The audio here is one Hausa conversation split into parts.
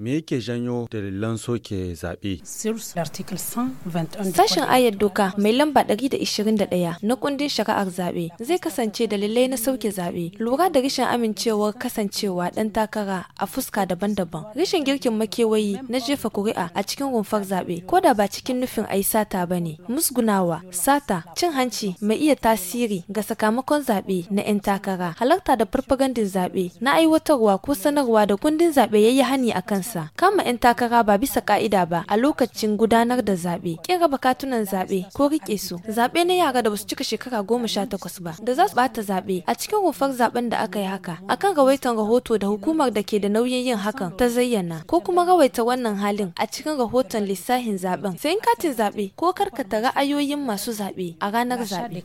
Me yake janyo dalilan soke zaɓe? Sashen ayar doka mai lamba 121 na kundin shari'ar zaɓe zai kasance dalilai na sauke zaɓe. Lura da rashin amincewar kasancewa ɗan takara a fuska daban-daban. Rashin girkin makewayi na jefa kuri'a a cikin rumfar zaɓe ko da ba cikin nufin ai sata ba ne. Musgunawa, sata, cin hanci mai iya tasiri ga sakamakon zaɓe na 'yan takara. Halarta da farfagandin zaɓe na aiwatarwa ko sanarwa da kundin zaɓe ya yi hani a kansa. kansa kama 'yan takara ba bisa ka'ida ba a lokacin gudanar da zaɓe ƙin raba katunan zaɓe ko riƙe su zaɓe na yara da basu cika shekara goma sha takwas ba da za su ɓata zaɓe a cikin rufar zaɓen da aka yi haka akan rawaitan rahoto da hukumar da ke da nauyin yin hakan ta zayyana ko kuma rawaita wannan halin a cikin rahoton lissafin zaɓen sayan katin zaɓe ko karkata ra'ayoyin masu zaɓe a ranar zaɓe.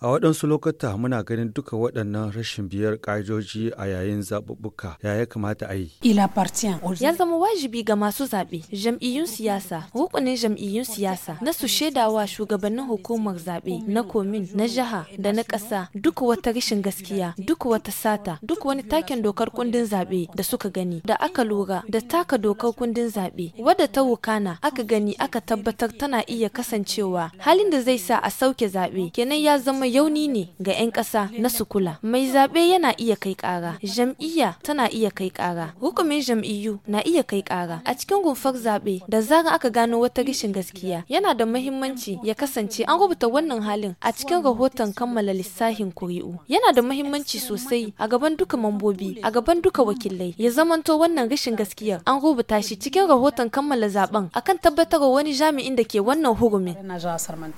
A waɗansu lokuta muna ganin duka waɗannan rashin biyar ƙa'idoji a yayin zaɓuɓɓuka ya kamata a yi. Ya zama wajibi ga masu zaɓe, jam'iyyun siyasa, rukunin jam'iyyun siyasa na su shaidawa shugabannin hukumar zaɓe na komin, na jiha da na ƙasa duk wata rashin gaskiya, duk wata sata, duk wani taken dokar kundin zaɓe da suka gani, da aka lura da taka dokar kundin zaɓe, wadda ta wukana aka gani aka tabbatar tana iya kasancewa halin da zai sa a sauke zaɓe kenan ya zama yauni ne ga 'yan ƙasa na su kula. Mai zaɓe yana iya kai ƙara, jam'iyya tana iya iya kai kara hukumin jam'iyyu na iya kai kara a cikin gumfar zaɓe da zara aka gano wata rashin gaskiya yana da muhimmanci ya kasance an rubuta wannan halin a cikin rahoton kammala lissahin kuri'u yana da muhimmanci sosai a gaban duka mambobi a gaban duka wakilai ya zamanto wannan rashin gaskiyar an rubuta shi cikin rahoton kammala zaben akan tabbatarwa wani jami'in da ke wannan hurumin